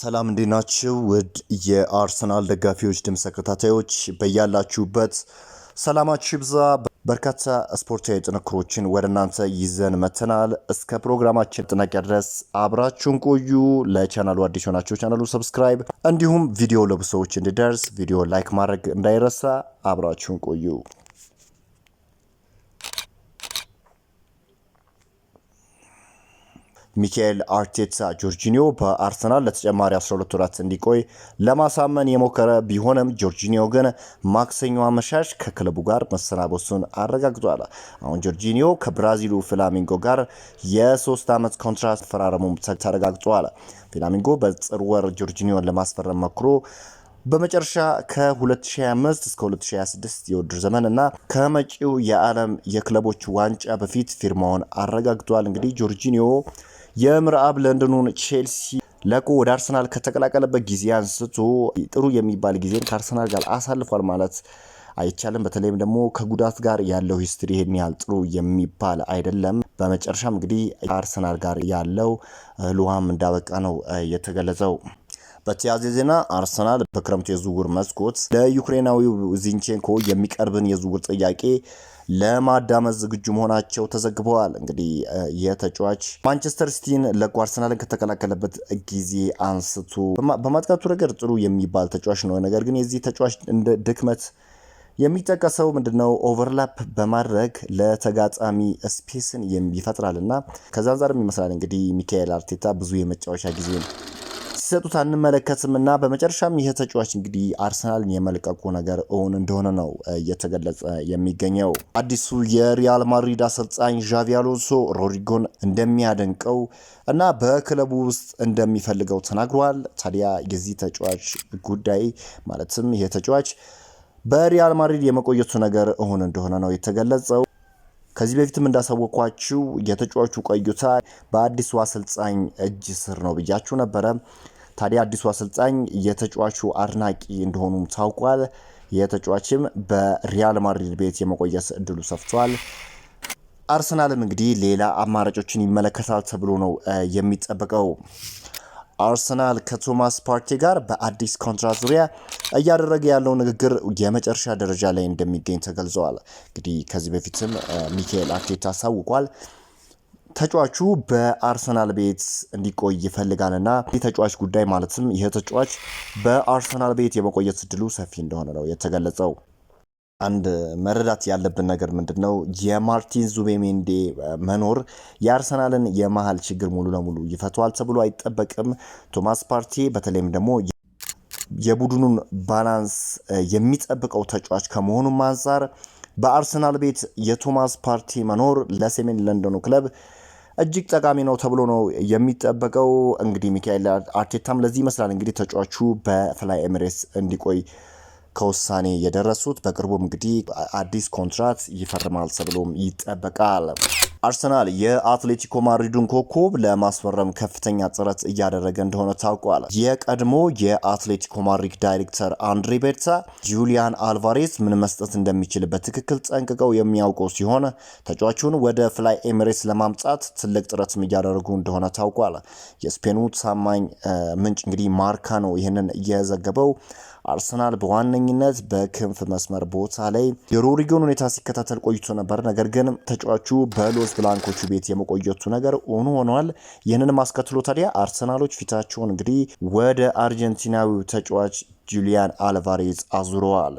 ሰላም እንዴት ናችሁ? ውድ የአርሰናል ደጋፊዎች ድምፅ ተከታታዮች በያላችሁበት ሰላማችሁ ይብዛ። በርካታ ስፖርታዊ ጥንክሮችን ወደ እናንተ ይዘን መተናል። እስከ ፕሮግራማችን ጥናቂያ ድረስ አብራችሁን ቆዩ። ለቻናሉ አዲስ የሆናችሁ ቻናሉ ሰብስክራይብ፣ እንዲሁም ቪዲዮ ለብዙ ሰዎች እንዲደርስ ቪዲዮ ላይክ ማድረግ እንዳይረሳ። አብራችሁን ቆዩ። ሚካኤል አርቴታ ጆርጂኒዮ በአርሰናል ለተጨማሪ 12 ወራት እንዲቆይ ለማሳመን የሞከረ ቢሆንም ጆርጂኒዮ ግን ማክሰኞ አመሻሽ ከክለቡ ጋር መሰናበሱን አረጋግጧል። አሁን ጆርጂኒዮ ከብራዚሉ ፍላሚንጎ ጋር የሶስት ዓመት ኮንትራት ፈራረሙም ተረጋግጧል። ፍላሚንጎ በጥር ወር ጆርጂኒዮን ለማስፈረም መክሮ በመጨረሻ ከ2025 እስከ 2026 የውድድር ዘመን እና ከመጪው የዓለም የክለቦች ዋንጫ በፊት ፊርማውን አረጋግጧል። እንግዲህ ጆርጂኒዮ የምዕራብ ለንደኑን ቼልሲ ለቆ ወደ አርሰናል ከተቀላቀለበት ጊዜ አንስቶ ጥሩ የሚባል ጊዜን ከአርሰናል ጋር አሳልፏል ማለት አይቻልም። በተለይም ደግሞ ከጉዳት ጋር ያለው ሂስትሪ ይህን ያህል ጥሩ የሚባል አይደለም። በመጨረሻም እንግዲህ አርሰናል ጋር ያለው ልሃም እንዳበቃ ነው የተገለጸው። በተያያዘ ዜና አርሰናል በክረምቱ የዝውውር መስኮት ለዩክሬናዊው ዚንቼንኮ የሚቀርብን የዝውውር ጥያቄ ለማዳመጥ ዝግጁ መሆናቸው ተዘግበዋል። እንግዲህ የተጫዋች ማንቸስተር ሲቲን ለቆ አርሰናልን ከተቀላቀለበት ጊዜ አንስቶ በማጥቃቱ ረገድ ጥሩ የሚባል ተጫዋች ነው። ነገር ግን የዚህ ተጫዋች እንደ ድክመት የሚጠቀሰው ምንድነው? ኦቨርላፕ በማድረግ ለተጋጣሚ ስፔስን ይፈጥራል እና ከዛ አንጻርም ይመስላል እንግዲህ ሚካኤል አርቴታ ብዙ የመጫወቻ ጊዜ ሲሰጡት እና በመጨረሻም ይህ ተጫዋች እንግዲህ አርሰናልን የመልቀቁ ነገር እውን እንደሆነ ነው እየተገለጸ የሚገኘው። አዲሱ የሪያል ማድሪድ አሰልጣኝ ዣቪ አሎንሶ ሮድሪጎን እንደሚያደንቀው እና በክለቡ ውስጥ እንደሚፈልገው ተናግሯል። ታዲያ የዚህ ተጫዋች ጉዳይ ማለትም ይህ ተጫዋች በሪያል ማድሪድ የመቆየቱ ነገር እውን እንደሆነ ነው የተገለጸው። ከዚህ በፊትም እንዳሳወቅኳችሁ የተጫዋቹ ቆይታ በአዲሱ አሰልጣኝ እጅ ስር ነው ብያችሁ ነበረ። ታዲያ አዲሱ አሰልጣኝ የተጫዋቹ አድናቂ እንደሆኑም ታውቋል። የተጫዋችም በሪያል ማድሪድ ቤት የመቆየት እድሉ ሰፍቷል። አርሰናልም እንግዲህ ሌላ አማራጮችን ይመለከታል ተብሎ ነው የሚጠበቀው። አርሰናል ከቶማስ ፓርቲ ጋር በአዲስ ኮንትራት ዙሪያ እያደረገ ያለው ንግግር የመጨረሻ ደረጃ ላይ እንደሚገኝ ተገልጸዋል። እንግዲህ ከዚህ በፊትም ሚካኤል አርቴታ አሳውቋል። ተጫዋቹ በአርሰናል ቤት እንዲቆይ ይፈልጋልና የተጫዋች ጉዳይ ማለትም ይህ ተጫዋች በአርሰናል ቤት የመቆየት እድሉ ሰፊ እንደሆነ ነው የተገለጸው። አንድ መረዳት ያለብን ነገር ምንድን ነው? የማርቲን ዙቤሜንዴ መኖር የአርሰናልን የመሀል ችግር ሙሉ ለሙሉ ይፈቷል ተብሎ አይጠበቅም። ቶማስ ፓርቲ በተለይም ደግሞ የቡድኑን ባላንስ የሚጠብቀው ተጫዋች ከመሆኑም አንጻር በአርሰናል ቤት የቶማስ ፓርቲ መኖር ለሰሜን ለንደኑ ክለብ እጅግ ጠቃሚ ነው ተብሎ ነው የሚጠበቀው። እንግዲህ ሚካኤል አርቴታም ለዚህ ይመስላል እንግዲህ ተጫዋቹ በፍላይ ኤምሬስ እንዲቆይ ከውሳኔ የደረሱት። በቅርቡም እንግዲህ አዲስ ኮንትራት ይፈርማል ተብሎም ይጠበቃል። አርሰናል የአትሌቲኮ ማድሪዱን ኮከብ ለማስፈረም ከፍተኛ ጥረት እያደረገ እንደሆነ ታውቋል። የቀድሞ የአትሌቲኮ ማድሪድ ዳይሬክተር አንድሬ ቤርታ ጁሊያን አልቫሬስ ምን መስጠት እንደሚችል በትክክል ጠንቅቀው የሚያውቁ ሲሆን ተጫዋቹን ወደ ፍላይ ኤሚሬትስ ለማምጣት ትልቅ ጥረትም እያደረጉ እንደሆነ ታውቋል። የስፔኑ ታማኝ ምንጭ እንግዲህ ማርካ ነው ይህንን እየዘገበው አርሰናል በዋነኝነት በክንፍ መስመር ቦታ ላይ የሮድሪጎን ሁኔታ ሲከታተል ቆይቶ ነበር። ነገር ግን ተጫዋቹ በሎስ ብላንኮቹ ቤት የመቆየቱ ነገር ሆኖ ሆኗል። ይህንንም አስከትሎ ታዲያ አርሰናሎች ፊታቸውን እንግዲህ ወደ አርጀንቲናዊው ተጫዋች ጁሊያን አልቫሬዝ አዙረዋል።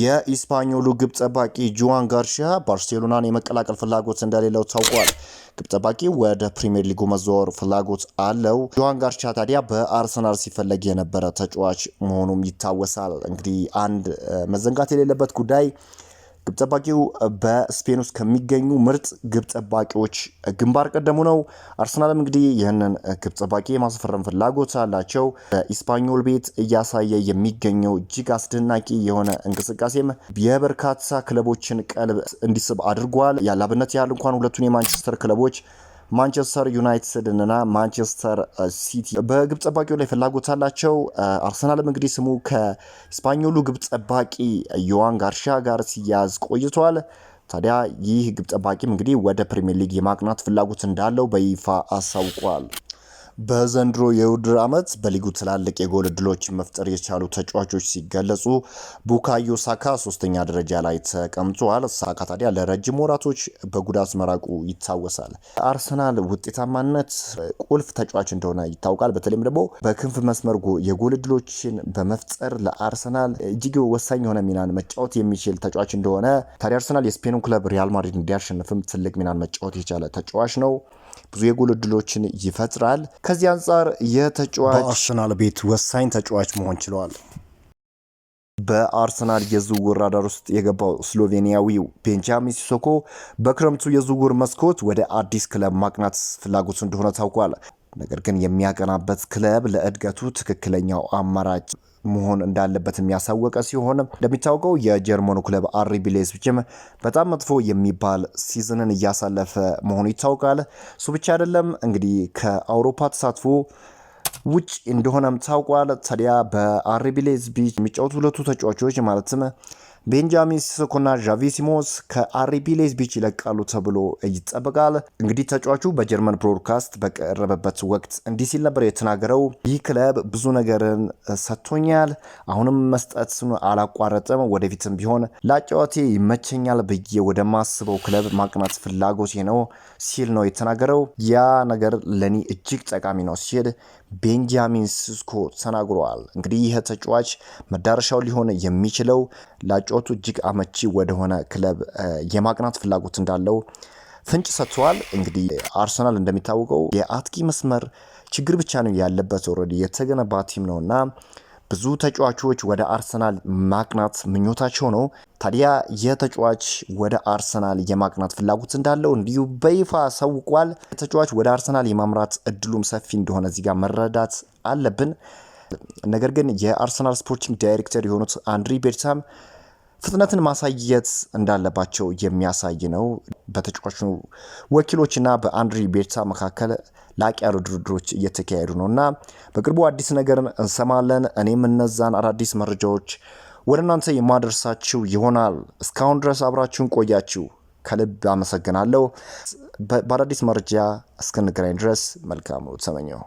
የኢስፓኞሉ ግብ ጠባቂ ጁዋን ጋርሺያ ባርሴሎናን የመቀላቀል ፍላጎት እንደሌለው ታውቋል። ግብ ጠባቂ ወደ ፕሪምየር ሊጉ መዘወር ፍላጎት አለው። ጁዋን ጋርሺያ ታዲያ በአርሰናል ሲፈለግ የነበረ ተጫዋች መሆኑም ይታወሳል። እንግዲህ አንድ መዘንጋት የሌለበት ጉዳይ ግብ ጠባቂው በስፔን ውስጥ ከሚገኙ ምርጥ ግብ ጠባቂዎች ግንባር ቀደሙ ነው። አርሰናልም እንግዲህ ይህንን ግብ ጠባቂ የማስፈረም ፍላጎት አላቸው። በኢስፓኞል ቤት እያሳየ የሚገኘው እጅግ አስደናቂ የሆነ እንቅስቃሴም የበርካታ ክለቦችን ቀልብ እንዲስብ አድርጓል። ያላብነት ያህል እንኳን ሁለቱን የማንቸስተር ክለቦች ማንቸስተር ዩናይትድና ማንቸስተር ሲቲ በግብ ጠባቂው ላይ ፍላጎት አላቸው። አርሰናልም እንግዲህ ስሙ ከስፓኞሉ ግብ ጠባቂ ዮዋን ጋርሻ ጋር ሲያዝ ቆይቷል። ታዲያ ይህ ግብ ጠባቂም እንግዲህ ወደ ፕሪሚየር ሊግ የማቅናት ፍላጎት እንዳለው በይፋ አሳውቋል። በዘንድሮ የውድድር ዓመት በሊጉ ትላልቅ የጎል እድሎች መፍጠር የቻሉ ተጫዋቾች ሲገለጹ ቡካዮ ሳካ ሶስተኛ ደረጃ ላይ ተቀምጠዋል። ሳካ ታዲያ ለረጅም ወራቶች በጉዳት መራቁ ይታወሳል። አርሰናል ውጤታማነት ቁልፍ ተጫዋች እንደሆነ ይታወቃል። በተለይም ደግሞ በክንፍ መስመር የጎል እድሎችን በመፍጠር ለአርሰናል እጅግ ወሳኝ የሆነ ሚናን መጫወት የሚችል ተጫዋች እንደሆነ ታዲያ አርሰናል የስፔኑ ክለብ ሪያል ማድሪድ እንዲያሸንፍም ትልቅ ሚናን መጫወት የቻለ ተጫዋች ነው። ብዙ የጎል እድሎችን ይፈጥራል። ከዚህ አንጻር የተጫዋች በአርሰናል ቤት ወሳኝ ተጫዋች መሆን ችለዋል። በአርሰናል የዝውውር ራዳር ውስጥ የገባው ስሎቬኒያዊው ቤንጃሚን ሲሶኮ በክረምቱ የዝውውር መስኮት ወደ አዲስ ክለብ ማቅናት ፍላጎቱ እንደሆነ ታውቋል። ነገር ግን የሚያቀናበት ክለብ ለእድገቱ ትክክለኛው አማራጭ መሆን እንዳለበት የሚያሳወቀ ሲሆን እንደሚታወቀው የጀርመኑ ክለብ አር ላይፕዚግም በጣም መጥፎ የሚባል ሲዝንን እያሳለፈ መሆኑ ይታወቃል። እሱ ብቻ አይደለም እንግዲህ ከአውሮፓ ተሳትፎ ውጭ እንደሆነም ታውቋል። ታዲያ በአር ላይፕዚግ የሚጫወቱ ሁለቱ ተጫዋቾች ማለትም ቤንጃሚን ሲስኮና ዣቪ ሲሞንስ ከአርቢ ሌዝቢች ይለቃሉ ተብሎ ይጠበቃል። እንግዲህ ተጫዋቹ በጀርመን ብሮድካስት በቀረበበት ወቅት እንዲህ ሲል ነበር የተናገረው። ይህ ክለብ ብዙ ነገርን ሰጥቶኛል። አሁንም መስጠትን አላቋረጥም ወደፊትም ቢሆን ለአጫዋቴ ይመቸኛል ብዬ ወደማስበው ክለብ ማቅናት ፍላጎቴ ነው ሲል ነው የተናገረው። ያ ነገር ለእኔ እጅግ ጠቃሚ ነው ሲል ቤንጃሚን ስስኮ ተናግረዋል። እንግዲህ ይህ ተጫዋች መዳረሻው ሊሆን የሚችለው ላጮቱ እጅግ አመቺ ወደሆነ ክለብ የማቅናት ፍላጎት እንዳለው ፍንጭ ሰጥተዋል። እንግዲህ አርሰናል እንደሚታወቀው የአጥቂ መስመር ችግር ብቻ ነው ያለበት። ኦልሬዲ የተገነባ ቲም ነው እና ብዙ ተጫዋቾች ወደ አርሰናል ማቅናት ምኞታቸው ነው። ታዲያ የተጫዋች ወደ አርሰናል የማቅናት ፍላጎት እንዳለው እንዲሁ በይፋ ሰውቋል። ተጫዋች ወደ አርሰናል የማምራት እድሉም ሰፊ እንደሆነ እዚህ ጋር መረዳት አለብን። ነገር ግን የአርሰናል ስፖርቲንግ ዳይሬክተር የሆኑት አንድሪ ቤርታም ፍጥነትን ማሳየት እንዳለባቸው የሚያሳይ ነው። በተጫዋቹ ወኪሎችና በአንድሪ ቤርታ መካከል ላቅ ያሉ ድርድሮች እየተካሄዱ ነው እና በቅርቡ አዲስ ነገር እንሰማለን። እኔም እነዛን አዳዲስ መረጃዎች ወደ እናንተ የማደርሳችሁ ይሆናል። እስካሁን ድረስ አብራችሁን ቆያችሁ ከልብ አመሰግናለሁ። በአዳዲስ መረጃ እስክንገናኝ ድረስ መልካም ሰመኘው።